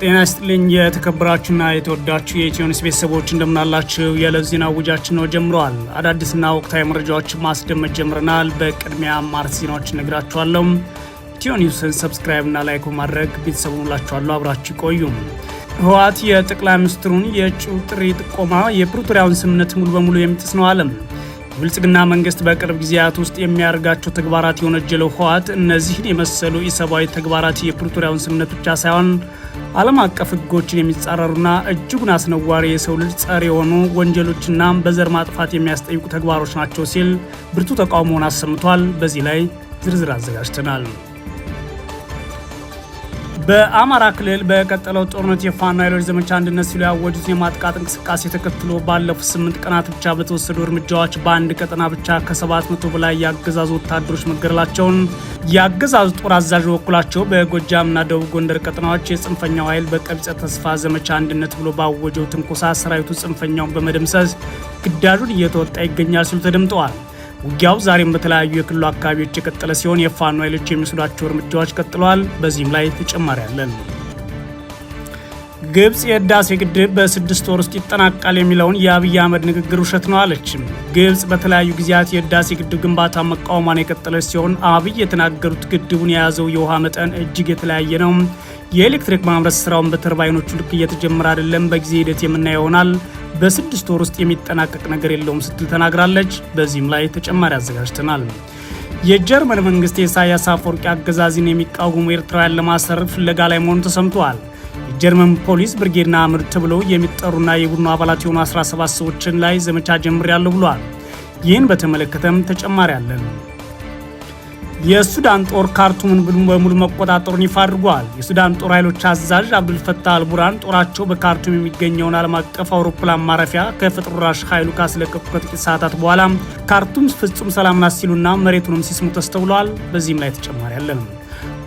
ጤና ይስጥልኝ የተከበራችሁና የተወዳችሁ የኢትዮኒስ ቤተሰቦች እንደምናላችሁ። የዕለት ዜና ውጃችን ነው ጀምረዋል። አዳዲስና ወቅታዊ መረጃዎች ማስደመጥ ጀምረናል። በቅድሚያ ማርስ ዜናዎች እነግራችኋለሁ። ኢትዮኒውስን ሰብስክራይብና ላይክ በማድረግ ቤተሰቡ ሁላችኋለሁ። አብራችሁ ቆዩም። ህወሓት የጠቅላይ ሚኒስትሩን የእጩ ጥሪ ጥቆማ የፕሪቶሪያውን ስምምነት ሙሉ በሙሉ የሚጥስ ነው አለም። የብልጽግና መንግስት በቅርብ ጊዜያት ውስጥ የሚያደርጋቸው ተግባራት የወነጀለው ህወሓት እነዚህን የመሰሉ ኢሰብአዊ ተግባራት የፕሪቶሪያውን ስምነት ብቻ ሳይሆን ዓለም አቀፍ ህጎችን የሚጻረሩና እጅጉን አስነዋሪ የሰው ልጅ ጸር የሆኑ ወንጀሎችና በዘር ማጥፋት የሚያስጠይቁ ተግባሮች ናቸው ሲል ብርቱ ተቃውሞውን አሰምቷል። በዚህ ላይ ዝርዝር አዘጋጅተናል። በአማራ ክልል በቀጠለው ጦርነት የፋኖ ኃይሎች ዘመቻ አንድነት ሲሉ ያወጁት የማጥቃት እንቅስቃሴ ተከትሎ ባለፉት ስምንት ቀናት ብቻ በተወሰዱ እርምጃዎች በአንድ ቀጠና ብቻ ከ700 በላይ የአገዛዙ ወታደሮች መገደላቸውን የአገዛዙ ጦር አዛዥ በበኩላቸው በጎጃምና ደቡብ ጎንደር ቀጠናዎች የጽንፈኛው ኃይል በቀቢጸ ተስፋ ዘመቻ አንድነት ብሎ ባወጀው ትንኮሳ ሰራዊቱ ጽንፈኛውን በመደምሰስ ግዳጁን እየተወጣ ይገኛል ሲሉ ተደምጠዋል። ውጊያው ዛሬም በተለያዩ የክልሉ አካባቢዎች የቀጠለ ሲሆን የፋኖ ኃይሎች የሚወስዷቸው እርምጃዎች ቀጥለዋል። በዚህም ላይ ተጨማሪ አለን። ግብፅ የህዳሴ ግድብ በስድስት ወር ውስጥ ይጠናቃል የሚለውን የአብይ አህመድ ንግግር ውሸት ነው አለችም። ግብፅ በተለያዩ ጊዜያት የህዳሴ ግድብ ግንባታ መቃወሟን የቀጠለች ሲሆን አብይ የተናገሩት ግድቡን የያዘው የውሃ መጠን እጅግ የተለያየ ነው የኤሌክትሪክ ማምረት ስራውን በተርባይኖቹ ልክ እየተጀመረ አይደለም፣ በጊዜ ሂደት የምናየው ይሆናል፣ በስድስት ወር ውስጥ የሚጠናቀቅ ነገር የለውም ስትል ተናግራለች። በዚህም ላይ ተጨማሪ አዘጋጅተናል። የጀርመን መንግስት የኢሳያስ አፈወርቂ አገዛዝን የሚቃወሙ ኤርትራውያን ለማሰር ፍለጋ ላይ መሆኑ ተሰምተዋል። የጀርመን ፖሊስ ብርጌድና አምድ ተብለው የሚጠሩና የቡድኑ አባላት የሆኑ 17 ሰዎችን ላይ ዘመቻ ጀምሬያለሁ ብሏል። ይህን በተመለከተም ተጨማሪ አለን። የሱዳን ጦር ካርቱምን በሙሉ መቆጣጠሩን ይፋ አድርጓል። የሱዳን ጦር ኃይሎች አዛዥ አብዱልፈታ አልቡራን ጦራቸው በካርቱም የሚገኘውን ዓለም አቀፍ አውሮፕላን ማረፊያ ከፈጥኖ ደራሽ ኃይሉ ካስለቀቁ ከጥቂት ሰዓታት በኋላ ካርቱም ፍጹም ሰላም ናት ሲሉና መሬቱንም ሲስሙ ተስተውለዋል። በዚህም ላይ ተጨማሪ አለንም።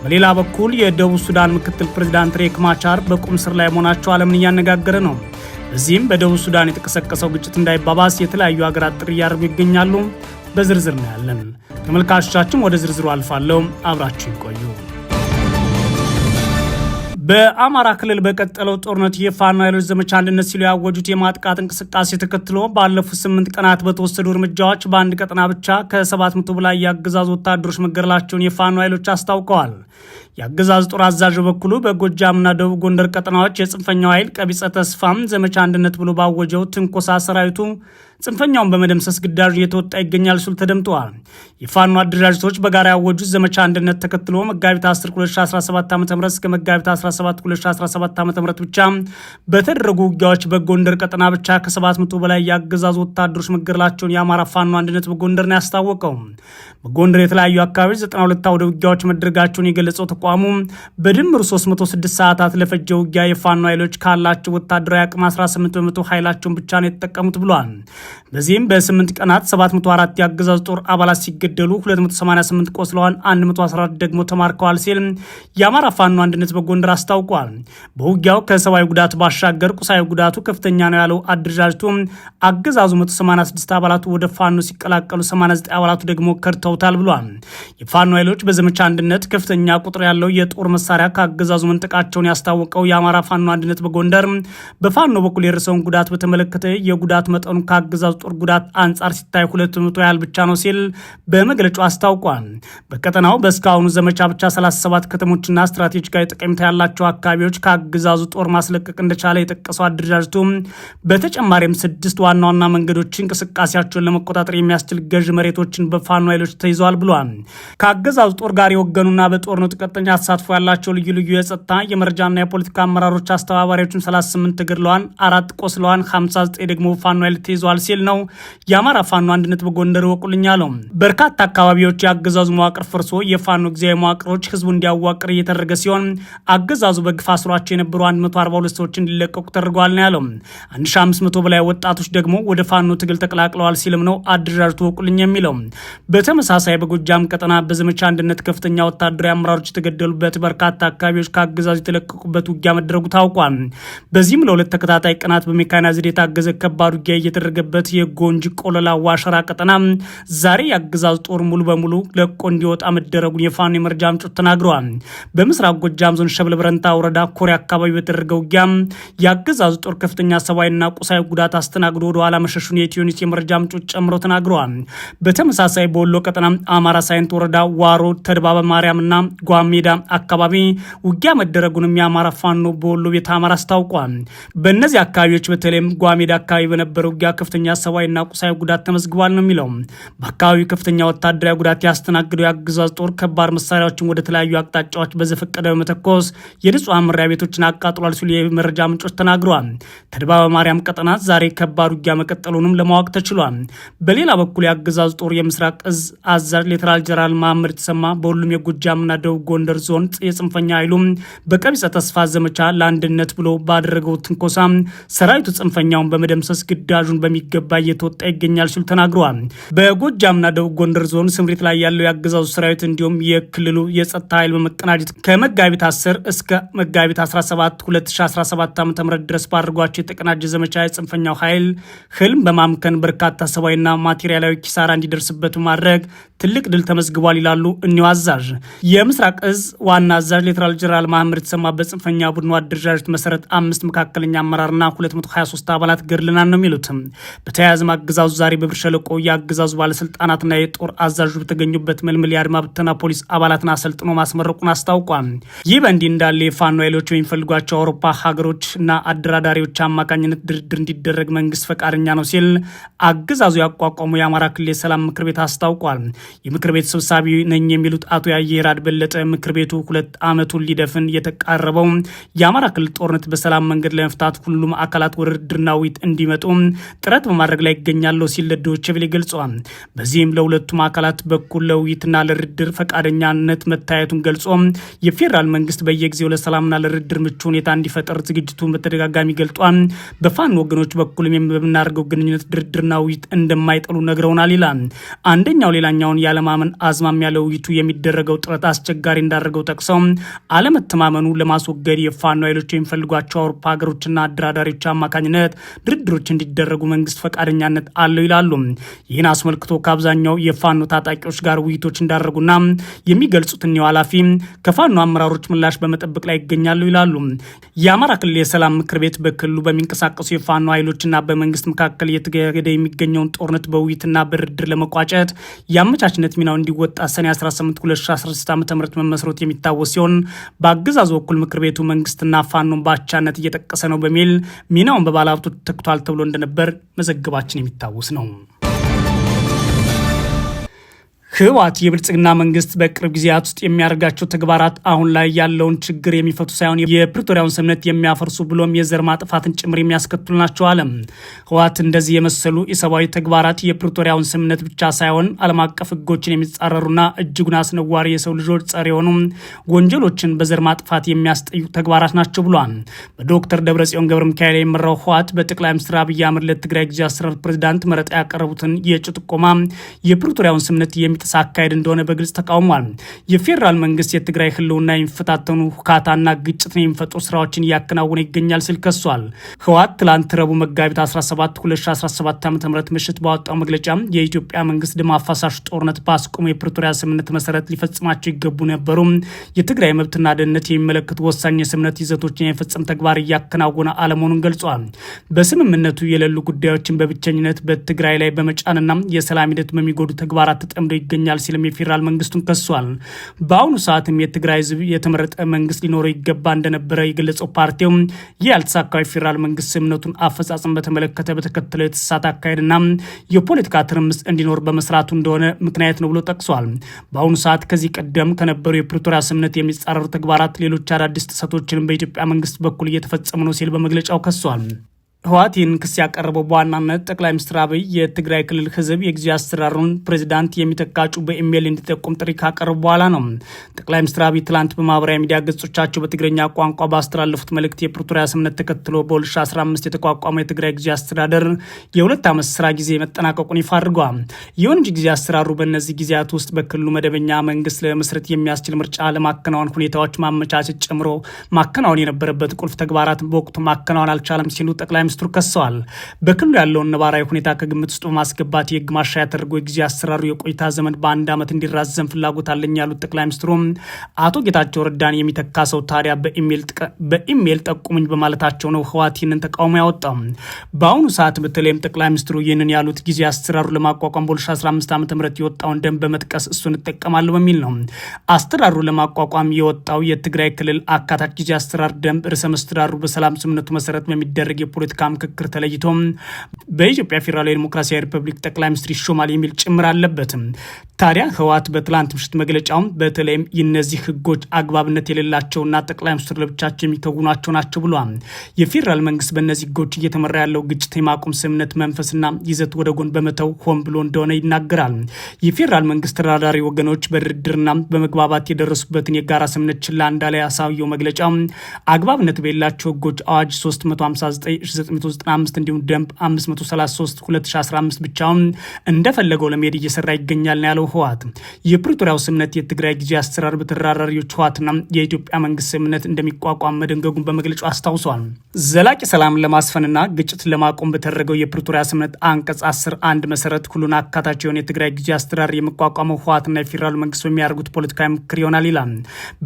በሌላ በኩል የደቡብ ሱዳን ምክትል ፕሬዚዳንት ሬክ ማቻር በቁም ስር ላይ መሆናቸው ዓለምን እያነጋገረ ነው። በዚህም በደቡብ ሱዳን የተቀሰቀሰው ግጭት እንዳይባባስ የተለያዩ ሀገራት ጥሪ እያደረጉ ይገኛሉ። በዝርዝር ነው ያለን። ተመልካቾቻችን ወደ ዝርዝሩ አልፋለሁ። አብራችሁ ይቆዩ። በአማራ ክልል በቀጠለው ጦርነት የፋኖ ኃይሎች ዘመቻ አንድነት ሲሉ ያወጁት የማጥቃት እንቅስቃሴ ተከትሎ ባለፉት ስምንት ቀናት በተወሰዱ እርምጃዎች በአንድ ቀጠና ብቻ ከ700 በላይ የአገዛዙ ወታደሮች መገደላቸውን የፋኖ ኃይሎች አስታውቀዋል። የአገዛዝ ጦር አዛዥ በኩሉ በጎጃምና ደቡብ ጎንደር ቀጠናዎች የጽንፈኛው ኃይል ቀቢጸ ተስፋም ዘመቻ አንድነት ብሎ ባወጀው ትንኮሳ ሰራዊቱ ጽንፈኛውን በመደምሰስ ግዳጅ እየተወጣ ይገኛል ሲሉ ተደምጠዋል። የፋኖ አደራጅቶች በጋራ ያወጁት ዘመቻ አንድነት ተከትሎ መጋቢት 10 2017 ዓ ም እስከ መጋቢት 17 2017 ዓ ም ብቻ በተደረጉ ውጊያዎች በጎንደር ቀጠና ብቻ ከ700 በላይ የአገዛዙ ወታደሮች መገደላቸውን የአማራ ፋኖ አንድነት በጎንደር ነው ያስታወቀው። በጎንደር የተለያዩ አካባቢዎች 92 አውደ ውጊያዎች መደረጋቸውን የገለጸው ተቋሙ በድምሩ 306 ሰዓታት ለፈጀ ውጊያ የፋኖ ኃይሎች ካላቸው ወታደራዊ አቅም 18 በመቶ ኃይላቸውን ብቻ ነው የተጠቀሙት ብሏል። በዚህም በ8 ቀናት 704 የአገዛዝ ጦር አባላት ሲገደሉ 288 ቆስለዋል፣ 114 ደግሞ ተማርከዋል ሲል የአማራ ፋኖ አንድነት በጎንደር አስታውቋል። በውጊያው ከሰብአዊ ጉዳት ባሻገር ቁሳዊ ጉዳቱ ከፍተኛ ነው ያለው አደረጃጀቱ አገዛዙ 186 አባላቱ ወደ ፋኖ ሲቀላቀሉ 89 አባላቱ ደግሞ ከድተውታል ብሏል። የፋኖ ኃይሎች በዘመቻ አንድነት ከፍተኛ ቁጥር ያለው የጦር መሳሪያ ከአገዛዙ መንጠቃቸውን ያስታወቀው የአማራ ፋኖ አንድነት በጎንደር በፋኖ በኩል የደረሰውን ጉዳት በተመለከተ የጉዳት መጠኑ ከአገዛ የአገዛዙ ጦር ጉዳት አንጻር ሲታይ ሁለት መቶ ያህል ብቻ ነው ሲል በመግለጫው አስታውቋል። በቀጠናው በእስካሁኑ ዘመቻ ብቻ 37 ከተሞችና ስትራቴጂካዊ ጠቀሜታ ያላቸው አካባቢዎች ከአገዛዙ ጦር ማስለቀቅ እንደቻለ የጠቀሰው አደረጃጀቱ በተጨማሪም ስድስት ዋና ዋና መንገዶች እንቅስቃሴያቸውን ለመቆጣጠር የሚያስችል ገዥ መሬቶችን በፋኖ ኃይሎች ተይዘዋል ብሏል። ከአገዛዙ ጦር ጋር የወገኑና በጦርነቱ ቀጥተኛ ተሳትፎ ያላቸው ልዩ ልዩ የጸጥታ የመረጃና የፖለቲካ አመራሮች አስተባባሪዎችም 38 ተገድለዋል፣ አራት ቆስለዋል፣ 59 ደግሞ ፋኖ ኃይል ተይዘዋል ሲል ነው የአማራ ፋኖ አንድነት በጎንደር እወቁልኝ አለው። በርካታ አካባቢዎች የአገዛዙ መዋቅር ፈርሶ የፋኖ ጊዜያዊ መዋቅሮች ህዝቡ እንዲያዋቅር እየተደረገ ሲሆን አገዛዙ በግፋ አስሯቸው የነበሩ 142 ሰዎች እንዲለቀቁ ተደርገዋል ነው ያለው። 1500 በላይ ወጣቶች ደግሞ ወደ ፋኖ ትግል ተቀላቅለዋል ሲልም ነው አደራጅቶ እወቁልኝ የሚለው። በተመሳሳይ በጎጃም ቀጠና በዘመቻ አንድነት ከፍተኛ ወታደራዊ አመራሮች የተገደሉበት በርካታ አካባቢዎች ከአገዛዙ የተለቀቁበት ውጊያ መደረጉ ታውቋል። በዚህም ለሁለት ተከታታይ ቀናት በሜካናይዝድ የታገዘ ከባድ ውጊያ እየተደረገ በነበረበት የጎንጅ ቆለላ ዋሸራ ቀጠና ዛሬ የአገዛዝ ጦር ሙሉ በሙሉ ለቆ እንዲወጣ መደረጉን የፋኖ የመረጃ ምንጮች ተናግረዋል። በምስራቅ ጎጃም ዞን ሸበል በረንታ ወረዳ ኮሬ አካባቢ በተደረገ ውጊያ የአገዛዝ ጦር ከፍተኛ ሰብአዊና ቁሳዊ ጉዳት አስተናግዶ ወደኋላ መሸሹን የኢትዮኒውስ የመረጃ ምንጮች ጨምሮ ተናግረዋል። በተመሳሳይ በወሎ ቀጠና አማራ ሳይንት ወረዳ ዋሮ ተድባበ ማርያምና ጓሜዳ አካባቢ ውጊያ መደረጉንም የአማራ ፋኖ በወሎ ቤተ አማራ አስታውቋል። በእነዚህ አካባቢዎች በተለይም ጓሜዳ አካባቢ በነበረ ውጊያ ከፍተኛ ከፍተኛ ሰብአዊና ቁሳዊ ጉዳት ተመዝግቧል ነው የሚለው። በአካባቢው ከፍተኛ ወታደራዊ ጉዳት ያስተናግደው የአገዛዝ ጦር ከባድ መሳሪያዎችን ወደ ተለያዩ አቅጣጫዎች በዘፈቀደ በመተኮስ የንጹሐን መኖሪያ ቤቶችን አቃጥሏል ሲሉ የመረጃ ምንጮች ተናግረዋል። ተድባበ ማርያም ቀጠና ዛሬ ከባድ ውጊያ መቀጠሉንም ለማወቅ ተችሏል። በሌላ በኩል የአገዛዙ ጦር የምስራቅ እዝ አዛዥ ሌተናል ጀነራል መሐመድ ተሰማ በሁሉም የጎጃምና ደቡብ ጎንደር ዞን የጽንፈኛ ኃይሉም በቀቢጸ ተስፋ ዘመቻ ለአንድነት ብሎ ባደረገው ትንኮሳ ሰራዊቱ ጽንፈኛውን በመደምሰስ ግዳጁን በሚ በሚገባ እየተወጣ ይገኛል ሲሉ ተናግረዋል። በጎጃምና ደቡብ ጎንደር ዞን ስምሪት ላይ ያለው የአገዛዙ ሰራዊት እንዲሁም የክልሉ የጸጥታ ኃይል በመቀናጀት ከመጋቢት 10 እስከ መጋቢት 17 2017 ዓ ም ድረስ ባድርጓቸው የተቀናጀ ዘመቻ የጽንፈኛው ኃይል ህልም በማምከን በርካታ ሰብአዊና ማቴሪያላዊ ኪሳራ እንዲደርስበት ማድረግ ትልቅ ድል ተመዝግቧል ይላሉ እኒው አዛዥ። የምስራቅ እዝ ዋና አዛዥ ሌተናል ጀነራል ማህመድ የተሰማ በጽንፈኛ ቡድኑ አደረጃጀት መሰረት አምስት መካከለኛ አመራርና 223 አባላት ገድልናል ነው የሚሉት በተያያዘም አገዛዙ ዛሬ በብር ሸለቆ የአገዛዙ ባለስልጣናትና የጦር አዛዦች በተገኙበት መልምል የአድማ ብተና ፖሊስ አባላትን አሰልጥኖ ማስመረቁን አስታውቋል። ይህ በእንዲህ እንዳለ የፋኖ ኃይሎች የሚፈልጓቸው አውሮፓ እና አደራዳሪዎች አማካኝነት ድርድር እንዲደረግ መንግስት ፈቃደኛ ነው ሲል አገዛዙ ያቋቋሙ የአማራ ክልል ሰላም ምክር ቤት አስታውቋል። የምክር ቤት ሰብሳቢ ነኝ የሚሉት አቶ ያየራድ በለጠ ምክር ቤቱ ሁለት ዓመቱን ሊደፍን የተቃረበው የአማራ ክልል ጦርነት በሰላም መንገድ ለመፍታት ሁሉም አካላት ወደ ድርድርና ውይይት እንዲመጡ ጥረት በማድረግ ላይ ይገኛለሁ ሲል ለዶይቼ ቬለ ገልጿል። በዚህም ለሁለቱም አካላት በኩል ለውይይትና ለድርድር ፈቃደኛነት መታየቱን ገልጾ የፌዴራል መንግስት በየጊዜው ለሰላምና ለድርድር ምቹ ሁኔታ እንዲፈጠር ዝግጅቱን በተደጋጋሚ ገልጧል። በፋኖ ወገኖች በኩልም የምናደርገው ግንኙነት ድርድርና ውይይት እንደማይጠሉ ነግረውናል ይላል። አንደኛው ሌላኛውን ያለማመን አዝማሚያ ለውይይቱ የሚደረገው ጥረት አስቸጋሪ እንዳደረገው ጠቅሰው አለመተማመኑ ለማስወገድ የፋኖ ኃይሎች የሚፈልጓቸው አውሮፓ ሀገሮችና አደራዳሪዎች አማካኝነት ድርድሮች እንዲደረጉ መንግስት ፈቃደኛነት አለው ይላሉ። ይህን አስመልክቶ ከአብዛኛው የፋኖ ታጣቂዎች ጋር ውይይቶች እንዳደረጉና የሚገልጹት እኒው ኃላፊ ከፋኖ አመራሮች ምላሽ በመጠበቅ ላይ ይገኛሉ ይላሉ። የአማራ ክልል የሰላም ምክር ቤት በክልሉ በሚንቀሳቀሱ የፋኖ ኃይሎችና በመንግስት መካከል እየተካሄደ የሚገኘውን ጦርነት በውይይትና በድርድር ለመቋጨት ያመቻች የአመቻችነት ሚናው እንዲወጣ ሰኔ 18 2016 ዓ ም መመስረት የሚታወስ ሲሆን በአገዛዙ በኩል ምክር ቤቱ መንግስትና ፋኖን በአቻነት እየጠቀሰ ነው በሚል ሚናውን በባለሀብቱ ተክቷል ተብሎ እንደነበር መዘገባችን የሚታወስ ነው። ህወሓት የብልጽግና መንግስት በቅርብ ጊዜያት ውስጥ የሚያደርጋቸው ተግባራት አሁን ላይ ያለውን ችግር የሚፈቱ ሳይሆን የፕሪቶሪያውን ስምምነት የሚያፈርሱ ብሎም የዘር ማጥፋትን ጭምር የሚያስከትሉ ናቸው አለም። ህወሓት እንደዚህ የመሰሉ የሰብአዊ ተግባራት የፕሪቶሪያውን ስምምነት ብቻ ሳይሆን ዓለም አቀፍ ህጎችን የሚጻረሩና እጅጉን አስነዋሪ የሰው ልጆች ጸር የሆኑ ወንጀሎችን በዘር ማጥፋት የሚያስጠዩ ተግባራት ናቸው ብሏል። በዶክተር ደብረጽዮን ገብረ ሚካኤል የመራው ህወሓት በጠቅላይ ሚኒስትር አብይ አህመድ ለትግራይ ጊዜያዊ አስተዳደር ፕሬዚዳንት መረጣ ያቀረቡትን የጭጥቆማ የፕሪቶሪያውን ስምምነት የሚ የተሳካ አካሄድ እንደሆነ በግልጽ ተቃውሟል። የፌዴራል መንግስት የትግራይ ህልውና የሚፈታተኑ ሁካታና ግጭትን የሚፈጥሩ ስራዎችን እያከናወነ ይገኛል ሲል ከሷል። ህወሓት ትላንት ረቡዕ መጋቢት 17 2017 ዓ ም ምሽት ባወጣው መግለጫ የኢትዮጵያ መንግስት ደም አፋሳሽ ጦርነት በአስቆሙ የፕሪቶሪያ ስምምነት መሰረት ሊፈጽማቸው ይገቡ ነበሩ፣ የትግራይ መብትና ደህንነት የሚመለከቱ ወሳኝ የስምምነት ይዘቶችን የመፈጸም ተግባር እያከናወነ አለመሆኑን ገልጿል። በስምምነቱ የሌሉ ጉዳዮችን በብቸኝነት በትግራይ ላይ በመጫንና የሰላም ሂደት በሚጎዱ ተግባራት ተጠምደው ይገኛል ሲልም የፌዴራል መንግስቱን ከሷል። በአሁኑ ሰዓትም የትግራይ ህዝብ የተመረጠ መንግስት ሊኖረው ይገባ እንደነበረ የገለጸው ፓርቲው ይህ ያልተሳካው የፌዴራል መንግስት ስምምነቱን አፈጻጸም በተመለከተ በተከተለው የተሳሳተ አካሄድና የፖለቲካ ትርምስ እንዲኖር በመስራቱ እንደሆነ ምክንያት ነው ብሎ ጠቅሷል። በአሁኑ ሰዓት ከዚህ ቀደም ከነበሩ የፕሪቶሪያ ስምምነት የሚጻረሩ ተግባራት ሌሎች አዳዲስ ጥሰቶችንም በኢትዮጵያ መንግስት በኩል እየተፈጸሙ ነው ሲል በመግለጫው ከሷል። ህወሓት ይህን ክስ ያቀረበው በዋናነት ጠቅላይ ሚኒስትር አብይ የትግራይ ክልል ህዝብ የጊዜ አሰራሩን ፕሬዚዳንት የሚተካጩ በኢሜይል እንዲጠቁም ጥሪ ካቀረቡ በኋላ ነው። ጠቅላይ ሚኒስትር አብይ ትላንት በማህበራዊ ሚዲያ ገጾቻቸው በትግረኛ ቋንቋ ባስተላለፉት መልእክት የፕሪቶሪያ ስምምነት ተከትሎ በ2015 የተቋቋመው የትግራይ ጊዜ አስተዳደር የሁለት ዓመት ስራ ጊዜ መጠናቀቁን ይፋ አድርገዋል። ይሁን እንጂ በእነዚህ ጊዜያት ውስጥ በክልሉ መደበኛ መንግስት ለመስረት የሚያስችል ምርጫ ለማከናወን ሁኔታዎች ማመቻቸት ጨምሮ ማከናወን የነበረበት ቁልፍ ተግባራትን በወቅቱ ማከናወን አልቻለም ሲሉ ጠቅላይ ሚኒስትሩ ከሰዋል። በክልሉ ያለውን ነባራዊ ሁኔታ ከግምት ውስጥ በማስገባት የህግ ማሻሻያ ተደርጎ የጊዜ አሰራሩ የቆይታ ዘመን በአንድ ዓመት እንዲራዘም ፍላጎት አለኝ ያሉት ጠቅላይ ሚኒስትሩ አቶ ጌታቸው ረዳን የሚተካ ሰው ታዲያ በኢሜይል ጠቁሙኝ በማለታቸው ነው ህወሓት ይህንን ተቃውሞ ያወጣው። በአሁኑ ሰዓት በተለይም ጠቅላይ ሚኒስትሩ ይህንን ያሉት ጊዜ አሰራሩ ለማቋቋም በ2015 ዓ ም የወጣውን ደንብ በመጥቀስ እሱን እጠቀማለሁ በሚል ነው። አስተዳሩ ለማቋቋም የወጣው የትግራይ ክልል አካታች ጊዜ አሰራር ደንብ ርዕሰ መስተዳሩ በሰላም ስምምነቱ መሰረት በሚደረግ የፖለቲካ የፖለቲካ ምክክር ተለይቶ በኢትዮጵያ ፌዴራላዊ ዲሞክራሲያዊ ሪፐብሊክ ጠቅላይ ሚኒስትር ይሾማል የሚል ጭምር አለበትም። ታዲያ ህወሓት በትላንት ምሽት መግለጫውም በተለይም የነዚህ ህጎች አግባብነት የሌላቸውና ጠቅላይ ሚኒስትር ለብቻቸው የሚከውኗቸው ናቸው ብሏል። የፌዴራል መንግስት በእነዚህ ህጎች እየተመራ ያለው ግጭት የማቆም ስምምነት መንፈስና ይዘት ወደ ጎን በመተው ሆን ብሎ እንደሆነ ይናገራል። የፌዴራል መንግስት ተደራዳሪ ወገኖች በድርድርና በመግባባት የደረሱበትን የጋራ ስምምነት ችላ እንዳለ ያሳየው መግለጫ አግባብነት በሌላቸው ህጎች አዋጅ 359 995 እንዲሁም ደንብ 533 2015 ብቻውን እንደፈለገው ለመሄድ እየሰራ ይገኛል ነው ያለው ህወሓት። የፕሪቶሪያው ስምምነት የትግራይ ጊዜ አሰራር በተደራዳሪዎች ህወሓትና የኢትዮጵያ መንግስት ስምምነት እንደሚቋቋም መደንገጉን በመግለጫው አስታውሷል። ዘላቂ ሰላም ለማስፈንና ግጭት ለማቆም በተደረገው የፕሪቶሪያ ስምምነት አንቀጽ 10 አንድ መሰረት ሁሉን አካታች የሆነ የትግራይ ጊዜ አሰራር የሚቋቋመው ህወሓትና የፌዴራሉ መንግስት በሚያደርጉት ፖለቲካዊ ምክር ይሆናል ይላል።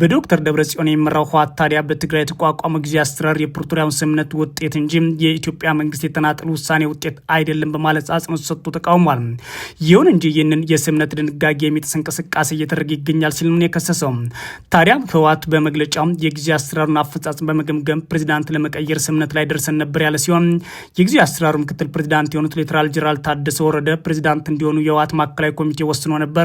በዶክተር ደብረ ጽዮን የሚመራው ህወሓት ታዲያ በትግራይ የተቋቋመው ጊዜ አሰራር የፕሪቶሪያውን ስምምነት ውጤት እንጂ የኢትዮጵያ መንግስት የተናጠል ውሳኔ ውጤት አይደለም በማለት አጽንኦት ሰጥቶ ተቃውሟል። ይሁን እንጂ ይህንን የስምነት ድንጋጌ የሚጥስ እንቅስቃሴ እየተደረገ ይገኛል ሲል ነው የከሰሰው። ታዲያ ህወሓት በመግለጫው የጊዜ አሰራሩን አፈጻጽም በመገምገም ፕሬዚዳንት ለመቀየር ስምነት ላይ ደርሰን ነበር ያለ ሲሆን የጊዜ አሰራሩ ምክትል ፕሬዚዳንት የሆኑት ሌተናል ጄኔራል ታደሰ ወረደ ፕሬዚዳንት እንዲሆኑ የህወሓት ማዕከላዊ ኮሚቴ ወስኖ ነበር።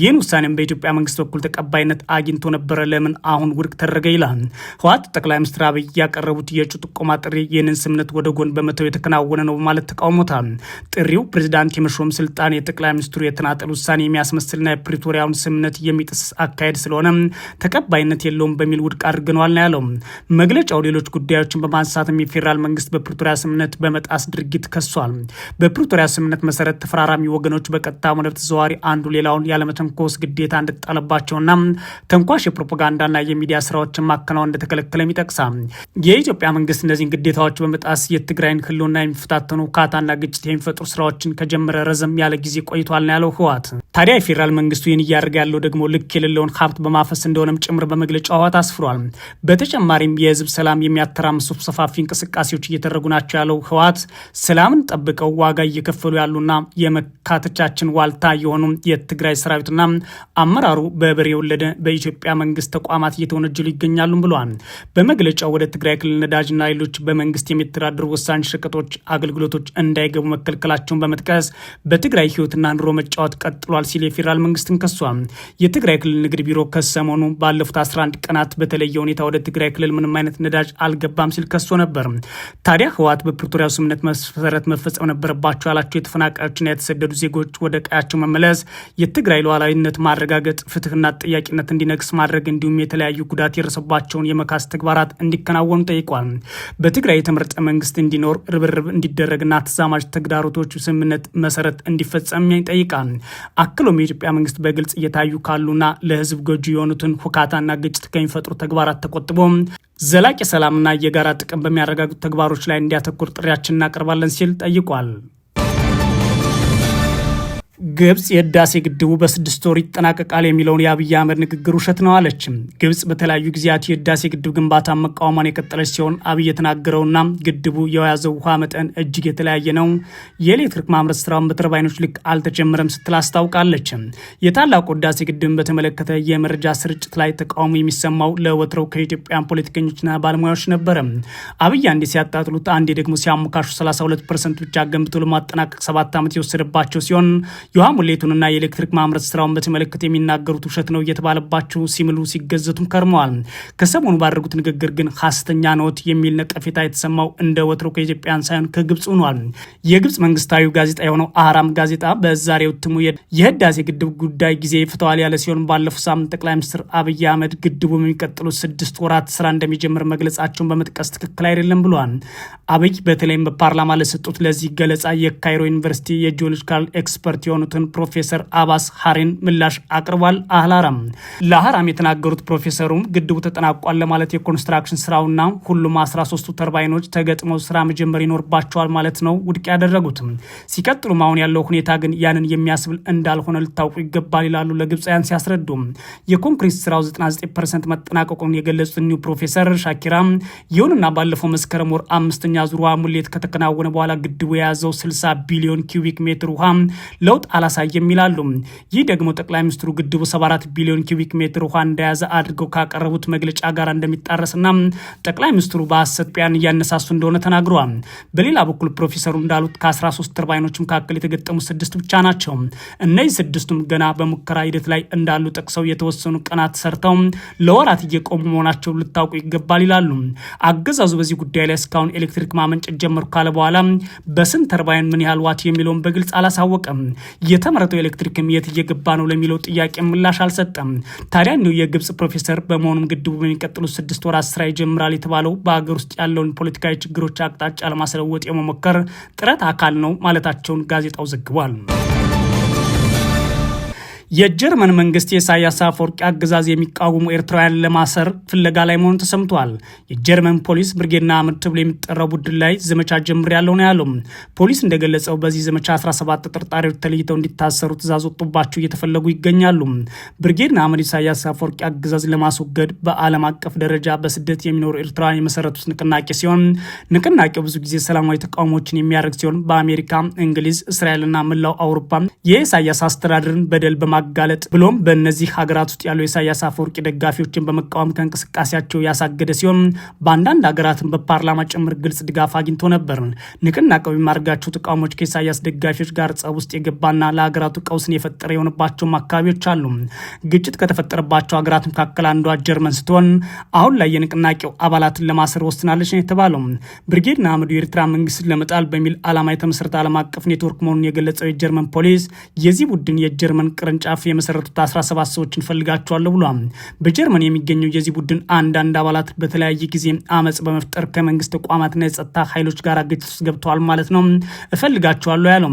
ይህን ውሳኔም በኢትዮጵያ መንግስት በኩል ተቀባይነት አግኝቶ ነበረ፣ ለምን አሁን ውድቅ ተደረገ? ይላል ህወሓት ጠቅላይ ሚኒስትር አብይ ያቀረቡት የእጩ ጥቆማ ጥሪ ይህንን ስምነት ወደ ጎን በመተው የተከናወነ ነው በማለት ተቃውሞታል። ጥሪው ፕሬዚዳንት የመሾም ስልጣን የጠቅላይ ሚኒስትሩ የተናጠል ውሳኔ የሚያስመስልና የፕሪቶሪያውን ስምምነት የሚጥስ አካሄድ ስለሆነ ተቀባይነት የለውም በሚል ውድቅ አድርገነዋል ነው ያለው መግለጫው። ሌሎች ጉዳዮችን በማንሳትም የፌዴራል መንግስት በፕሪቶሪያ ስምምነት በመጣስ ድርጊት ከሷል። በፕሪቶሪያ ስምምነት መሰረት ተፈራራሚ ወገኖች በቀጥታ ሆነ በተዘዋዋሪ አንዱ ሌላውን ያለመተንኮስ ግዴታ እንደተጣለባቸውና ተንኳሽ የፕሮፓጋንዳና የሚዲያ ስራዎችን ማከናወን እንደተከለከለም ይጠቅሳል። የኢትዮጵያ መንግስት እነዚህን ግዴታዎች በመጣስ ሐማስ የትግራይን ህልውና የሚፈታተኑ ካታና ግጭት የሚፈጥሩ ስራዎችን ከጀመረ ረዘም ያለ ጊዜ ቆይቷል ነው ያለው ህወሓት። ታዲያ የፌዴራል መንግስቱ ይህን እያደረገ ያለው ደግሞ ልክ የሌለውን ሀብት በማፈስ እንደሆነም ጭምር በመግለጫው አስፍሯል። በተጨማሪም የህዝብ ሰላም የሚያተራምሱ ሰፋፊ እንቅስቃሴዎች እየተደረጉ ናቸው ያለው ህወሓት ሰላምን ጠብቀው ዋጋ እየከፈሉ ያሉና የመካተቻችን ዋልታ የሆኑ የትግራይ ሰራዊትና አመራሩ በበሬ የወለደ በኢትዮጵያ መንግስት ተቋማት እየተወነጀሉ ይገኛሉ ብለዋል። በመግለጫው ወደ ትግራይ ክልል ነዳጅና ሌሎች በመንግስት የሚተዳደሩ ወሳኝ ሸቀጦች፣ አገልግሎቶች እንዳይገቡ መከልከላቸውን በመጥቀስ በትግራይ ህይወትና ኑሮ መጫወት ቀጥሏል ተፈጽሟል ሲል የፌዴራል መንግስትን ከሷል። የትግራይ ክልል ንግድ ቢሮ ከሰሞኑ ባለፉት 11 ቀናት በተለየ ሁኔታ ወደ ትግራይ ክልል ምንም አይነት ነዳጅ አልገባም ሲል ከሶ ነበር። ታዲያ ህወሓት በፕሪቶሪያው ስምምነት መሰረት መፈጸም ነበረባቸው ያላቸው የተፈናቃዮችና የተሰደዱ ዜጎች ወደ ቀያቸው መመለስ፣ የትግራይ ሉዓላዊነት ማረጋገጥ፣ ፍትህና ጥያቄነት እንዲነግስ ማድረግ እንዲሁም የተለያዩ ጉዳት የደረሰባቸውን የመካስ ተግባራት እንዲከናወኑ ጠይቋል። በትግራይ የተመረጠ መንግስት እንዲኖር ርብርብ እንዲደረግና ተዛማጅ ተግዳሮቶች ስምምነት መሰረት እንዲፈጸም ይጠይቃል። አክሎም የኢትዮጵያ መንግስት በግልጽ እየታዩ ካሉና ለህዝብ ጎጂ የሆኑትን ሁካታና ግጭት ከሚፈጥሩ ተግባራት ተቆጥቦ ዘላቂ ሰላምና የጋራ ጥቅም በሚያረጋግጡ ተግባሮች ላይ እንዲያተኩር ጥሪያችን እናቀርባለን ሲል ጠይቋል። ግብጽ የህዳሴ ግድቡ በስድስት ወር ይጠናቀቃል የሚለውን የአብይ አህመድ ንግግር ውሸት ነው አለች። ግብጽ በተለያዩ ጊዜያት የህዳሴ ግድብ ግንባታ መቃወሟን የቀጠለች ሲሆን አብይ የተናገረውና ግድቡ የያዘው ውሃ መጠን እጅግ የተለያየ ነው፣ የኤሌክትሪክ ማምረት ስራውን በተርባይኖች ልክ አልተጀመረም ስትል አስታውቃለች። የታላቁ ህዳሴ ግድብን በተመለከተ የመረጃ ስርጭት ላይ ተቃውሞ የሚሰማው ለወትረው ከኢትዮጵያን ፖለቲከኞችና ባለሙያዎች ነበረ። አብይ አንዴ ሲያጣጥሉት፣ አንዴ ደግሞ ሲያሞካሹ 32 ፐርሰንት ብቻ ገንብቶ ለማጠናቀቅ ሰባት ዓመት የወሰደባቸው ሲሆን የውሃ ሙሌቱንና የኤሌክትሪክ ማምረት ስራውን በተመለከተ የሚናገሩት ውሸት ነው እየተባለባቸው ሲምሉ ሲገዘቱም ከርመዋል። ከሰሞኑ ባደረጉት ንግግር ግን ሀስተኛ ነት የሚል ነቀፌታ የተሰማው እንደ ወትሮ ከኢትዮጵያን ሳይሆን ከግብፅ ሆኗል። የግብፅ መንግስታዊ ጋዜጣ የሆነው አህራም ጋዜጣ በዛሬው እትሙ የህዳሴ ግድብ ጉዳይ ጊዜ ፍተዋል ያለ ሲሆን ባለፈው ሳምንት ጠቅላይ ሚኒስትር አብይ አህመድ ግድቡ የሚቀጥሉት ስድስት ወራት ስራ እንደሚጀምር መግለጻቸውን በመጥቀስ ትክክል አይደለም ብሏል። አብይ በተለይም በፓርላማ ለሰጡት ለዚህ ገለጻ የካይሮ ዩኒቨርሲቲ የጂኦሎጂካል ኤክስፐርት የሆኑ የሆኑትን ፕሮፌሰር አባስ ሀሬን ምላሽ አቅርቧል። አህላራም ለሀራም የተናገሩት ፕሮፌሰሩም ግድቡ ተጠናቋል ለማለት የኮንስትራክሽን ስራውና ሁሉም 13ቱ ተርባይኖች ተገጥመው ስራ መጀመር ይኖርባቸዋል ማለት ነው ውድቅ ያደረጉት ሲቀጥሉም አሁን ያለው ሁኔታ ግን ያንን የሚያስብል እንዳልሆነ ልታውቁ ይገባል ይላሉ ለግብፃውያን ሲያስረዱ። የኮንክሪት ስራው 99 ፐርሰንት መጠናቀቁን የገለጹት ኒው ፕሮፌሰር ሻኪራ ይሁንና ባለፈው መስከረም ወር አምስተኛ ዙር ውሃ ሙሌት ከተከናወነ በኋላ ግድቡ የያዘው 60 ቢሊዮን ኪዩቢክ ሜትር ውሃ ለውጥ አላሳየም ይላሉ። ይህ ደግሞ ጠቅላይ ሚኒስትሩ ግድቡ 74 ቢሊዮን ኪቢክ ሜትር ውሃ እንደያዘ አድርገው ካቀረቡት መግለጫ ጋር እንደሚጣረስና ጠቅላይ ሚኒስትሩ በሐሰት ቢያን እያነሳሱ እንደሆነ ተናግረዋል። በሌላ በኩል ፕሮፌሰሩ እንዳሉት ከ13 ተርባይኖች መካከል የተገጠሙ ስድስት ብቻ ናቸው። እነዚህ ስድስቱም ገና በሙከራ ሂደት ላይ እንዳሉ ጠቅሰው የተወሰኑ ቀናት ሰርተው ለወራት እየቆሙ መሆናቸው ልታውቁ ይገባል ይላሉ። አገዛዙ በዚህ ጉዳይ ላይ እስካሁን ኤሌክትሪክ ማመንጨት ጀመሩ ካለ በኋላ በስንት ተርባይን ምን ያህል ዋት የሚለውን በግልጽ አላሳወቀም። የተመረተው ኤሌክትሪክ የት እየገባ ነው ለሚለው ጥያቄ ምላሽ አልሰጠም። ታዲያ እኒሁ የግብጽ ፕሮፌሰር በመሆኑም ግድቡ በሚቀጥሉት ስድስት ወራት ስራ ይጀምራል የተባለው በሀገር ውስጥ ያለውን ፖለቲካዊ ችግሮች አቅጣጫ ለማስለወጥ የመሞከር ጥረት አካል ነው ማለታቸውን ጋዜጣው ዘግቧል። የጀርመን መንግስት የኢሳያስ አፈወርቂ አገዛዝ የሚቃወሙ ኤርትራውያን ለማሰር ፍለጋ ላይ መሆኑ ተሰምቷል። የጀርመን ፖሊስ ብርጌና ምርት ተብሎ የሚጠራው ቡድን ላይ ዘመቻ ያለው ነው ያለው። ፖሊስ እንደገለጸው በዚህ ዘመቻ 17 ተጠርጣሪዎች ተለይተው እንዲታሰሩ ትዕዛዝ ወጥቶባቸው እየተፈለጉ ይገኛሉ። ብርጌና አመድ ኢሳያስ አፈወርቂ አገዛዝ ለማስወገድ በዓለም አቀፍ ደረጃ በስደት የሚኖሩ ኤርትራውያን የመሰረቱት ንቅናቄ ሲሆን ንቅናቄው ብዙ ጊዜ ሰላማዊ ተቃውሞዎችን የሚያደርግ ሲሆን በአሜሪካ፣ እንግሊዝ፣ እስራኤልና መላው አውሮፓ የኢሳያስ አስተዳደርን በደል በማ በማጋለጥ ብሎም በእነዚህ ሀገራት ውስጥ ያሉ የኢሳያስ አፈወርቂ ደጋፊዎችን በመቃወም ከእንቅስቃሴያቸው ያሳገደ ሲሆን በአንዳንድ ሀገራትም በፓርላማ ጭምር ግልጽ ድጋፍ አግኝቶ ነበር። ንቅናቄው የሚያደርጋቸው ተቃውሞዎች ከኢሳያስ ደጋፊዎች ጋር ጸብ ውስጥ የገባና ለሀገራቱ ቀውስን የፈጠረ የሆነባቸውም አካባቢዎች አሉ። ግጭት ከተፈጠረባቸው ሀገራት መካከል አንዷ ጀርመን ስትሆን አሁን ላይ የንቅናቄው አባላትን ለማሰር ወስናለች ነው የተባለው። ብርጌድ ንሓመዱ የኤርትራ መንግስትን ለመጣል በሚል ዓላማ የተመሰረተ ዓለም አቀፍ ኔትወርክ መሆኑን የገለጸው የጀርመን ፖሊስ የዚህ ቡድን የጀርመን ቅርንጫ የመሰረቱ የመሰረቱት 17 ሰዎች ፈልጋቸዋለሁ ብሏል። በጀርመን የሚገኘው የዚህ ቡድን አንዳንድ አባላት በተለያየ ጊዜ አመፅ በመፍጠር ከመንግስት ተቋማትና የጸጥታ ኃይሎች ጋር ግጭት ውስጥ ገብተዋል ማለት ነው። እፈልጋቸዋለሁ ያለው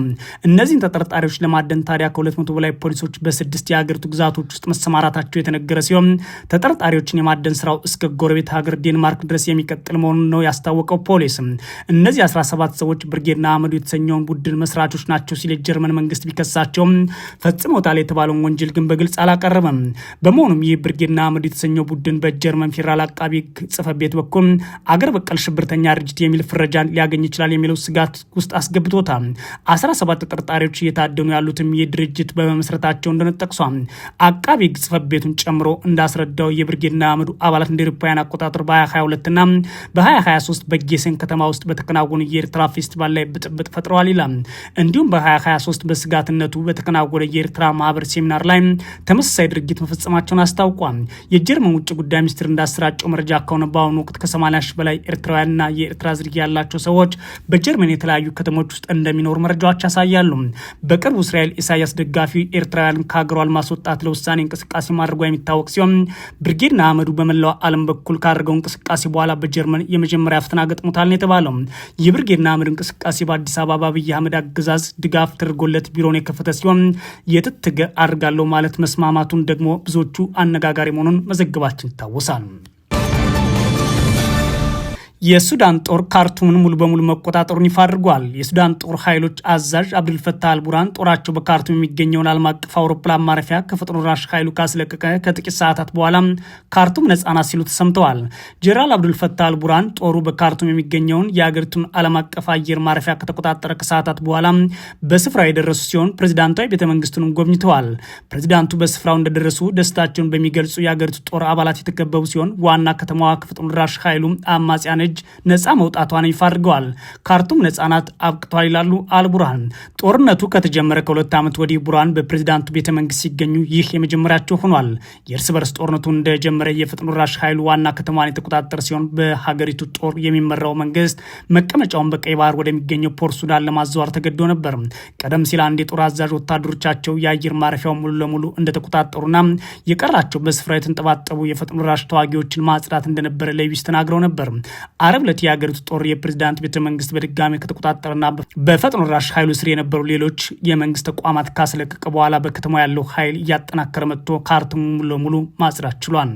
እነዚህን ተጠርጣሪዎች ለማደን ታዲያ ከሁለት መቶ በላይ ፖሊሶች በስድስት የሀገሪቱ ግዛቶች ውስጥ መሰማራታቸው የተነገረ ሲሆን ተጠርጣሪዎችን የማደን ስራው እስከ ጎረቤት ሀገር ዴንማርክ ድረስ የሚቀጥል መሆኑን ነው ያስታወቀው ፖሊስ። እነዚህ 17 ሰዎች ብርጌድና አመዱ የተሰኘውን ቡድን መስራቾች ናቸው ሲል የጀርመን መንግስት ቢከሳቸውም ፈጽመውታል የተባለ የተባለውን ወንጀል ግን በግልጽ አላቀረበም። በመሆኑም ይህ ብርጌድና አምድ የተሰኘው ቡድን በጀርመን ፌዴራል አቃቢ ጽፈት ቤት በኩል አገር በቀል ሽብርተኛ ድርጅት የሚል ፍረጃ ሊያገኝ ይችላል የሚለው ስጋት ውስጥ አስገብቶታል። 17 ተጠርጣሪዎች እየታደኑ ያሉትም ይህ ድርጅት በመመስረታቸው እንደሆነ ጠቅሷል። አቃቢ ጽፈት ቤቱን ጨምሮ እንዳስረዳው የብርጌድና አምዱ አባላት እንደ አውሮፓውያን አቆጣጠር በ2022ና በ2023 በጌሴን ከተማ ውስጥ በተከናወኑ የኤርትራ ፌስቲቫል ላይ ብጥብጥ ፈጥረዋል ይላል። እንዲሁም በ2023 በስጋትነቱ በተከናወነ የኤርትራ ማህበር ሴሚናር ላይ ተመሳሳይ ድርጊት መፈጸማቸውን አስታውቋል። የጀርመን ውጭ ጉዳይ ሚኒስትር እንዳሰራጨው መረጃ ከሆነ በአሁኑ ወቅት ከሰማንያ ሺህ በላይ ኤርትራውያንና የኤርትራ ዝርያ ያላቸው ሰዎች በጀርመን የተለያዩ ከተሞች ውስጥ እንደሚኖሩ መረጃዎች ያሳያሉ። በቅርቡ እስራኤል ኢሳያስ ደጋፊ ኤርትራውያን ከሀገሯ ለማስወጣት ለውሳኔ እንቅስቃሴ ማድረጓ የሚታወቅ ሲሆን ብርጌድ ንሓመዱ በመላው ዓለም በኩል ካደረገው እንቅስቃሴ በኋላ በጀርመን የመጀመሪያ ፈተና ገጥሞታል ነው የተባለው። የብርጌድ ንሓመዱ እንቅስቃሴ በአዲስ አበባ በአብይ አህመድ አገዛዝ ድጋፍ ተደርጎለት ቢሮን የከፈተ ሲሆን የትትገ አድርጋለሁ ማለት መስማማቱን ደግሞ ብዙዎቹ አነጋጋሪ መሆኑን መዘግባችን ይታወሳል። የሱዳን ጦር ካርቱምን ሙሉ በሙሉ መቆጣጠሩን ይፋ አድርጓል። የሱዳን ጦር ኃይሎች አዛዥ አብዱልፈታህ አልቡራን ጦራቸው በካርቱም የሚገኘውን ዓለም አቀፍ አውሮፕላን ማረፊያ ከፈጥኖ ራሽ ኃይሉ ካስለቀቀ ከጥቂት ሰዓታት በኋላ ካርቱም ነጻ ሲሉ ተሰምተዋል። ጄኔራል አብዱልፈታህ አልቡራን ጦሩ በካርቱም የሚገኘውን የአገሪቱን ዓለም አቀፍ አየር ማረፊያ ከተቆጣጠረ ከሰዓታት በኋላ በስፍራው የደረሱ ሲሆን ፕሬዚዳንታዊ ቤተመንግስቱንም ጎብኝተዋል። ፕሬዚዳንቱ በስፍራው እንደደረሱ ደስታቸውን በሚገልጹ የአገሪቱ ጦር አባላት የተከበቡ ሲሆን ዋና ከተማዋ ከፈጥኖ ራሽ ኃይሉ አማጽያነ እጅ ነፃ መውጣቷን ይፋ አድርገዋል። ካርቱም ነፃ አብቅቷል ይላሉ አልቡርሃን። ጦርነቱ ከተጀመረ ከሁለት ዓመት ወዲህ ቡርሃን በፕሬዚዳንቱ ቤተ መንግስት ሲገኙ ይህ የመጀመሪያቸው ሆኗል። የእርስ በርስ ጦርነቱ እንደጀመረ የፈጥኖ ደራሽ ኃይሉ ዋና ከተማን የተቆጣጠረ ሲሆን በሀገሪቱ ጦር የሚመራው መንግስት መቀመጫውን በቀይ ባህር ወደሚገኘው ፖር ሱዳን ለማዘዋር ተገዶ ነበር። ቀደም ሲል አንድ የጦር አዛዥ ወታደሮቻቸው የአየር ማረፊያው ሙሉ ለሙሉ እንደተቆጣጠሩና የቀራቸው በስፍራ የተንጠባጠቡ የፈጥኖ ደራሽ ተዋጊዎችን ማጽዳት እንደነበረ ለዩስ ተናግረው ነበር። አረብ ዕለት የሀገሪቱ ጦር የፕሬዚዳንት ቤተ መንግስት በድጋሚ ከተቆጣጠረና በፈጥኖ ራሽ ኃይሉ ስር የነበሩ ሌሎች የመንግስት ተቋማት ካስለቀቀ በኋላ በከተማ ያለው ኃይል እያጠናከረ መጥቶ ካርቱምን ሙሉ ለሙሉ ማጽዳት ችሏል።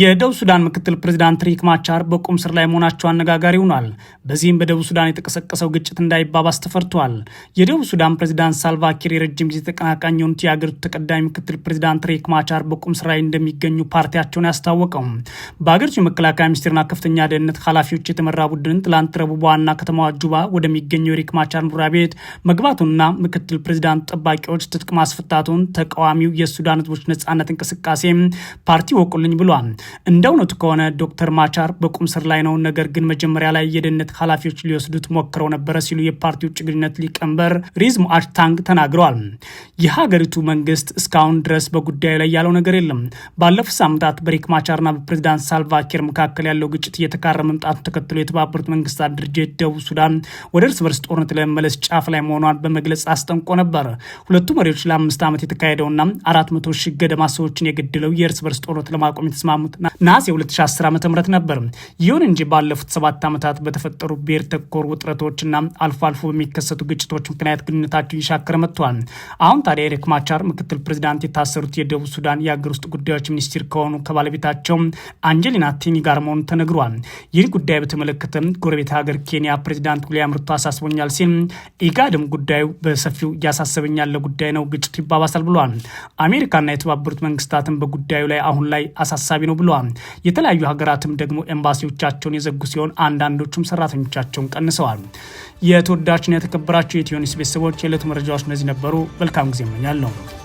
የደቡብ ሱዳን ምክትል ፕሬዚዳንት ሪክ ማቻር በቁም ስር ላይ መሆናቸው አነጋጋሪ ሆኗል። በዚህም በደቡብ ሱዳን የተቀሰቀሰው ግጭት እንዳይባባስ ተፈርቷል። የደቡብ ሱዳን ፕሬዚዳንት ሳልቫኪር የረጅም ጊዜ ተቀናቃኝ የሆኑት የአገሪቱ ተቀዳሚ ምክትል ፕሬዚዳንት ሪክ ማቻር በቁም ስር ላይ እንደሚገኙ ፓርቲያቸውን ያስታወቀው በአገሪቱ የመከላከያ ሚኒስቴርና ከፍተኛ ደህንነት ኃላፊዎች የተመራ ቡድን ትላንት ረቡዕ በዋና ከተማዋ ጁባ ወደሚገኘው የሪክ ማቻር መኖሪያ ቤት መግባቱንና ምክትል ፕሬዚዳንት ጠባቂዎች ትጥቅ ማስፈታቱን ተቃዋሚው የሱዳን ህዝቦች ነጻነት እንቅስቃሴ ፓርቲ ወቁልኝ ብሏል። እንደ እውነቱ ከሆነ ዶክተር ማቻር በቁም ስር ላይ ነው፣ ነገር ግን መጀመሪያ ላይ የደህንነት ኃላፊዎች ሊወስዱት ሞክረው ነበረ ሲሉ የፓርቲ ውጭ ግንኙነት ሊቀመንበር ሪዝሙ አሽታንግ ተናግረዋል። የሀገሪቱ መንግስት እስካሁን ድረስ በጉዳዩ ላይ ያለው ነገር የለም። ባለፉት ሳምንታት በሪክ ማቻርና በፕሬዚዳንት ሳልቫኪር መካከል ያለው ግጭት እየተካረ መምጣቱን ተከትሎ የተባበሩት መንግስታት ድርጅት ደቡብ ሱዳን ወደ እርስ በርስ ጦርነት ለመመለስ ጫፍ ላይ መሆኗን በመግለጽ አስጠንቆ ነበር። ሁለቱ መሪዎች ለአምስት ዓመት የተካሄደውና አራት መቶ ሺህ ገደማ ሰዎችን የገደለው የእርስ በርስ ጦርነት ለማቆም የተስማሙት የተሾሙት ነሐሴ 2010 ዓ ም ነበር። ይሁን እንጂ ባለፉት ሰባት ዓመታት በተፈጠሩ ብሔር ተኮር ውጥረቶችና አልፎ አልፎ በሚከሰቱ ግጭቶች ምክንያት ግንኙነታቸው እየሻከረ መጥቷል። አሁን ታዲያ ኤሪክ ማቻር ምክትል ፕሬዚዳንት የታሰሩት የደቡብ ሱዳን የአገር ውስጥ ጉዳዮች ሚኒስትር ከሆኑ ከባለቤታቸው አንጀሊና ቲኒ ጋር መሆኑ ተነግሯል። ይህን ጉዳይ በተመለከተ ጎረቤት ሀገር ኬንያ ፕሬዚዳንት ዊሊያም ሩቶ አሳስቦኛል ሲል ኢጋድም ጉዳዩ በሰፊው እያሳሰበኝ ያለ ጉዳይ ነው፣ ግጭቱ ይባባሳል ብሏል። አሜሪካና የተባበሩት መንግስታትም በጉዳዩ ላይ አሁን ላይ አሳሳቢ ነው ብሏል። የተለያዩ ሀገራትም ደግሞ ኤምባሲዎቻቸውን የዘጉ ሲሆን አንዳንዶቹም ሰራተኞቻቸውን ቀንሰዋል። የተወዳችና የተከበራቸው የኢትዮ ኒውስ ቤተሰቦች የዕለቱ መረጃዎች እነዚህ ነበሩ። መልካም ጊዜ እመኛለሁ።